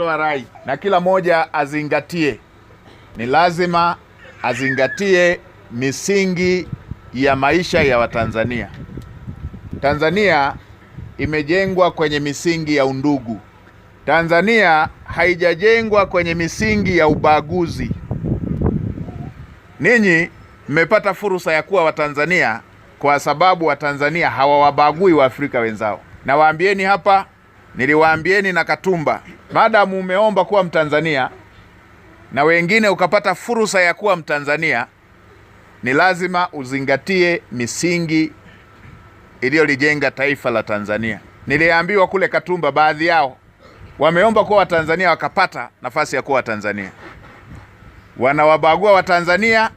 ametoa rai na kila mmoja azingatie, ni lazima azingatie misingi ya maisha ya Watanzania. Tanzania imejengwa kwenye misingi ya undugu. Tanzania haijajengwa kwenye misingi ya ubaguzi. Ninyi mmepata fursa ya kuwa Watanzania kwa sababu Watanzania hawawabagui Waafrika wenzao. Nawaambieni hapa niliwaambieni na Katumba, madamu umeomba kuwa Mtanzania na wengine ukapata fursa ya kuwa Mtanzania, ni lazima uzingatie misingi iliyolijenga taifa la Tanzania. Niliambiwa kule Katumba, baadhi yao wameomba kuwa Watanzania wakapata nafasi ya kuwa Watanzania, wanawabagua Watanzania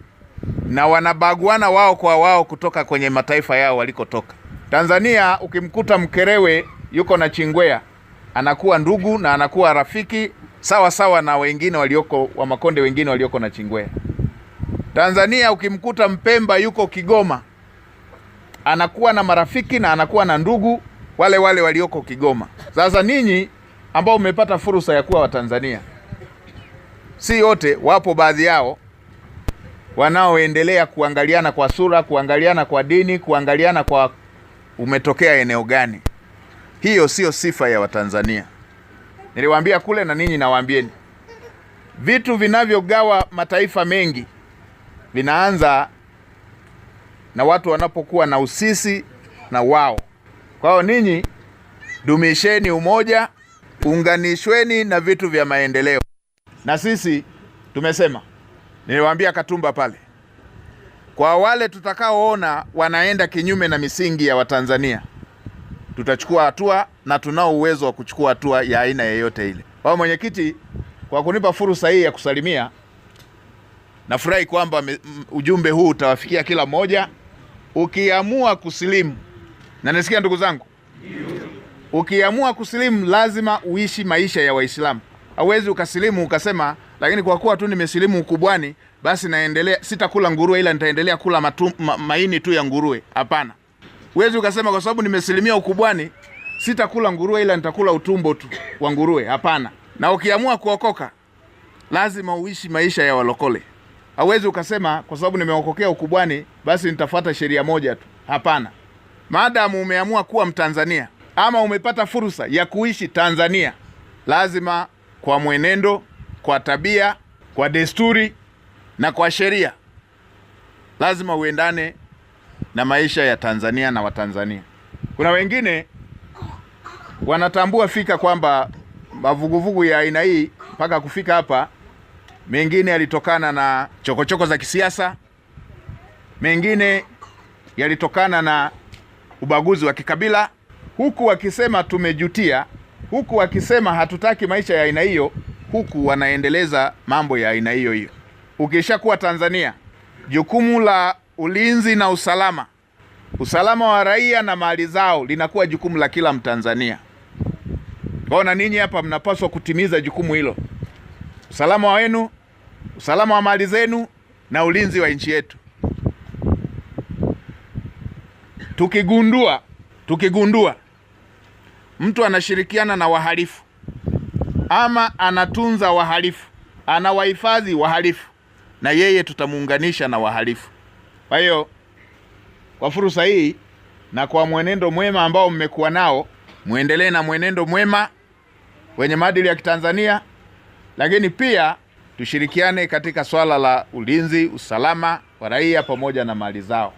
na wanabaguana wao kwa wao kutoka kwenye mataifa yao walikotoka. Tanzania ukimkuta Mkerewe yuko na Chingwea anakuwa ndugu na anakuwa rafiki sawa sawa na wengine walioko wa Makonde wengine walioko na Chingwea. Tanzania ukimkuta Mpemba yuko Kigoma anakuwa na marafiki na anakuwa na ndugu wale wale walioko Kigoma. Sasa ninyi ambao mmepata fursa ya kuwa Watanzania, si yote wapo baadhi yao wanaoendelea kuangaliana kwa sura, kuangaliana kwa dini, kuangaliana kwa umetokea eneo gani. Hiyo siyo sifa ya Watanzania. Niliwaambia kule na ninyi nawaambieni, vitu vinavyogawa mataifa mengi vinaanza na watu wanapokuwa na usisi na wao. Kwa hiyo ninyi dumisheni umoja, unganishweni na vitu vya maendeleo. Na sisi tumesema, niliwaambia Katumba pale, kwa wale tutakaoona wanaenda kinyume na misingi ya Watanzania tutachukua hatua na tunao uwezo wa kuchukua hatua ya aina yeyote ile. Baba mwenyekiti, kwa kunipa fursa hii ya kusalimia, nafurahi kwamba ujumbe huu utawafikia kila mmoja. Ukiamua kusilimu, na nisikia ndugu zangu, ukiamua kusilimu lazima uishi maisha ya Waislamu. Hauwezi ukasilimu ukasema lakini kwa kuwa tu nimesilimu ukubwani, basi naendelea sitakula nguruwe, ila nitaendelea kula matu, ma, maini tu ya nguruwe. Hapana. Huwezi ukasema kwa sababu nimesilimia ukubwani sitakula nguruwe ila nitakula utumbo tu wa nguruwe. Hapana. Na ukiamua kuokoka lazima uishi maisha ya walokole. Hauwezi ukasema kwa sababu nimeokokea ukubwani basi nitafuata sheria moja tu. Hapana. Maadamu umeamua kuwa Mtanzania ama umepata fursa ya kuishi Tanzania, lazima kwa mwenendo, kwa tabia, kwa desturi na kwa sheria lazima uendane na maisha ya Tanzania na Watanzania. Kuna wengine wanatambua fika kwamba mavuguvugu ya aina hii mpaka kufika hapa, mengine yalitokana na chokochoko choko za kisiasa, mengine yalitokana na ubaguzi wa kikabila, huku wakisema tumejutia, huku wakisema hatutaki maisha ya aina hiyo, huku wanaendeleza mambo ya aina hiyo hiyo. Ukishakuwa Tanzania, jukumu la ulinzi na usalama, usalama wa raia na mali zao linakuwa jukumu la kila Mtanzania. Kwaona ninyi hapa mnapaswa kutimiza jukumu hilo, usalama wenu, usalama wa mali zenu na ulinzi wa nchi yetu. Tukigundua tukigundua mtu anashirikiana na wahalifu ama anatunza wahalifu, anawahifadhi wahalifu, na yeye tutamuunganisha na wahalifu. Kwa hiyo kwa fursa hii na kwa mwenendo mwema ambao mmekuwa nao, muendelee na mwenendo mwema wenye maadili ya Kitanzania, lakini pia tushirikiane katika swala la ulinzi, usalama wa raia pamoja na mali zao.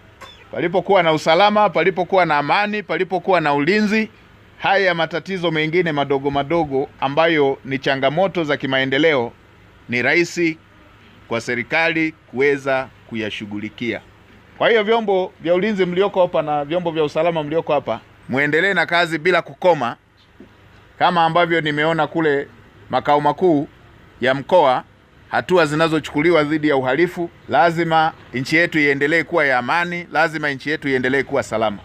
Palipokuwa na usalama, palipokuwa na amani, palipokuwa na ulinzi, haya matatizo mengine madogo madogo ambayo ni changamoto za kimaendeleo ni rahisi kwa serikali kuweza kuyashughulikia. Kwa hiyo vyombo vya ulinzi mlioko hapa na vyombo vya usalama mlioko hapa, muendelee na kazi bila kukoma, kama ambavyo nimeona kule makao makuu ya mkoa, hatua zinazochukuliwa dhidi ya uhalifu. Lazima nchi yetu iendelee kuwa ya amani, lazima nchi yetu iendelee kuwa salama.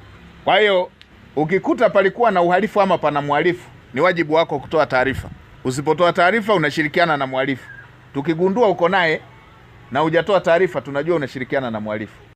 Kwa hiyo ukikuta palikuwa na uhalifu ama pana mhalifu, ni wajibu wako kutoa taarifa. Usipotoa taarifa, unashirikiana na mhalifu. Tukigundua uko naye na hujatoa taarifa, tunajua unashirikiana na mhalifu.